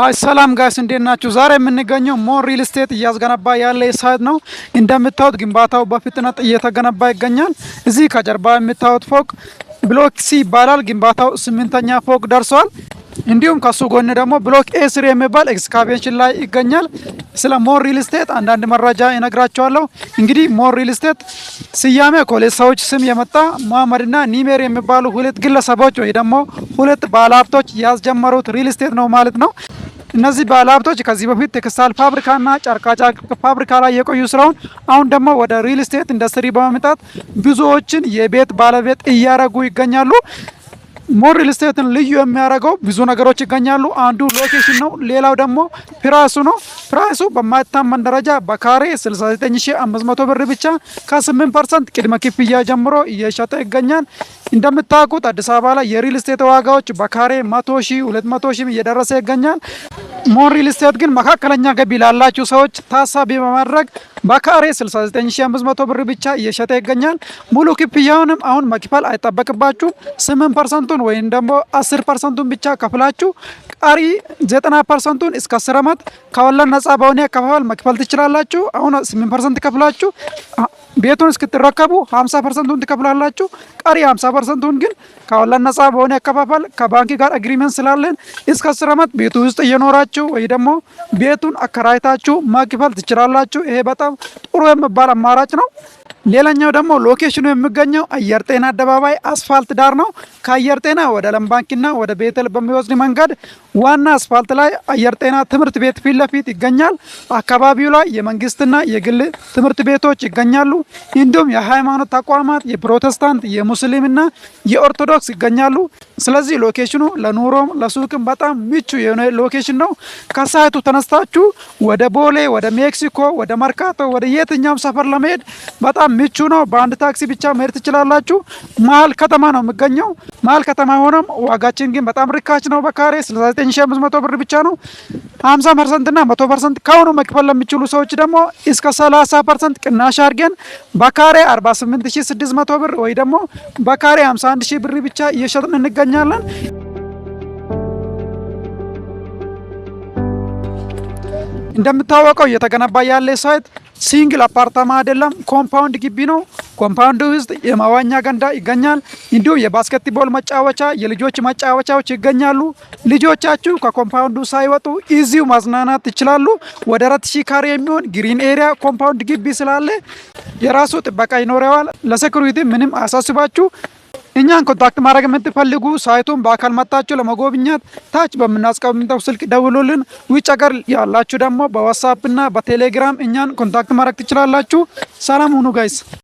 ሀይ ሰላም ጋይስ እንዴት ናችሁ? ዛሬ የምንገኘው ሞን ሪል ስቴት እያስገነባ ያለ ሳይት ነው። እንደምታዩት ግንባታው በፍጥነት እየተገነባ ይገኛል። እዚህ ከጀርባ የምታዩት ፎቅ ብሎክ ሲ ይባላል። ግንባታው ስምንተኛ ፎቅ ደርሷል። እንዲሁም ከሱ ጎን ደግሞ ብሎክ ኤ ስሪ የሚባል ኤክስካቬሽን ላይ ይገኛል። ስለ ሞን ሪል ስቴት አንዳንድ መረጃ ይነግራቸዋለሁ። እንግዲህ ሞን ሪል ስቴት ስያሜ ከሁለት ሰዎች ስም የመጣ መሐመድና ኒሜር የሚባሉ ሁለት ግለሰቦች ወይ ደግሞ ሁለት ባለሀብቶች ያስጀመሩት ሪል ስቴት ነው ማለት ነው። እነዚህ ባለሀብቶች ከዚህ በፊት ቴክስታይል ፋብሪካና ጨርቃጨርቅ ፋብሪካ ላይ የቆዩ ስለሆን አሁን ደግሞ ወደ ሪል ስቴት ኢንዱስትሪ በመምጣት ብዙዎችን የቤት ባለቤት እያደረጉ ይገኛሉ። ሞር ሪል ስቴትን ልዩ የሚያደርገው ብዙ ነገሮች ይገኛሉ። አንዱ ሎኬሽን ነው፣ ሌላው ደግሞ ፕራሱ ነው። ፕራይሱ በማይታመን ደረጃ በካሬ 69500 ብር ብቻ ከ8 ፐርሰንት ቅድመ ክፍያ ጀምሮ እየሸጠ ይገኛል። እንደምታውቁት አዲስ አበባ ላይ የሪል ስቴት ዋጋዎች በካሬ 100 ሺህ 200 ሺህ እየደረሰ ይገኛል። ሞን ሪል ስቴት ግን መካከለኛ ገቢ ላላችሁ ሰዎች ታሳቢ በማድረግ በካሬ 69500 ብር ብቻ እየሸጠ ይገኛል። ሙሉ ክፍያውንም አሁን መክፈል አይጠበቅባችሁም። 8 ፐርሰንቱን ወይም ደግሞ 10 ፐርሰንቱን ብቻ ከፍላችሁ ቀሪ 90 ፐርሰንቱን እስከ 10 ዓመት ከወለድ ነጻ በሆነ አከፋፈል መክፈል ትችላላችሁ። አሁን 8 ፐርሰንት ከፍላችሁ ቤቱን እስክትረከቡ 50 ፐርሰንቱን ትከፍላላችሁ። ቀሪ 50 ፐርሰንቱን ግን ከወለድ ነጻ በሆነ አከፋፈል ከባንክ ጋር አግሪመንት ስላለን እስከ 10 ዓመት ቤቱ ውስጥ እየኖራችሁ ከፍላችሁ ወይ ደግሞ ቤቱን አከራይታችሁ መክፈል ትችላላችሁ። ይሄ በጣም ጥሩ የሚባል አማራጭ ነው። ሌላኛው ደግሞ ሎኬሽኑ የሚገኘው አየር ጤና አደባባይ አስፋልት ዳር ነው። ከአየር ጤና ወደ ዓለም ባንክና ወደ ቤተል በሚወስድ መንገድ ዋና አስፋልት ላይ አየር ጤና ትምህርት ቤት ፊት ለፊት ይገኛል። አካባቢው ላይ የመንግስትና የግል ትምህርት ቤቶች ይገኛሉ። እንዲሁም የሃይማኖት ተቋማት የፕሮቴስታንት፣ የሙስሊምና የኦርቶዶክስ ይገኛሉ። ስለዚህ ሎኬሽኑ ለኑሮም ለሱቅም በጣም ምቹ የሆነ ሎኬሽን ነው። ከሳይቱ ተነስታችሁ ወደ ቦሌ፣ ወደ ሜክሲኮ፣ ወደ መርካቶ፣ ወደ የትኛውም ሰፈር ለመሄድ በጣም ምቹ ነው። በአንድ ታክሲ ብቻ መሄድ ትችላላችሁ። መሀል ከተማ ነው የሚገኘው። መሀል ከተማ ሆኖም ዋጋችን ግን በጣም ርካች ነው። በካሬ 69500 ብር ብቻ ነው። 50 ፐርሰንት እና 100 ፐርሰንት ከአሁኑ መክፈል ለሚችሉ ሰዎች ደግሞ እስከ 30 ፐርሰንት ቅናሽ አድርገን በካሬ 48600 ብር ወይ ደግሞ በካሬ 51000 ብር ብቻ እየሸጥን እንገኛለን። እንደምታወቀው እየተገነባ ያለ ሳይት ሲንግል አፓርታማ አይደለም፣ ኮምፓውንድ ግቢ ነው። ኮምፓውንድ ውስጥ የመዋኛ ገንዳ ይገኛል። እንዲሁም የባስኬትቦል መጫወቻ፣ የልጆች መጫወቻዎች ይገኛሉ። ልጆቻችሁ ከኮምፓውንዱ ሳይወጡ እዚሁ ማዝናናት ይችላሉ። ወደ አራት ሺህ ካሬ የሚሆን ግሪን ኤሪያ ኮምፓውንድ ግቢ ስላለ የራሱ ጥበቃ ይኖረዋል። ለሴኩሪቲ ምንም አያሳስባችሁ። እኛን ኮንታክት ማድረግ የምትፈልጉ ሳይቱን በአካል መጥታችሁ ለመጎብኘት ታች በምናስቀምጠው ስልክ ደውሉልን። ውጭ ሀገር ያላችሁ ደግሞ በዋትሳፕ እና በቴሌግራም እኛን ኮንታክት ማድረግ ትችላላችሁ። ሰላም ሁኑ ጋይስ።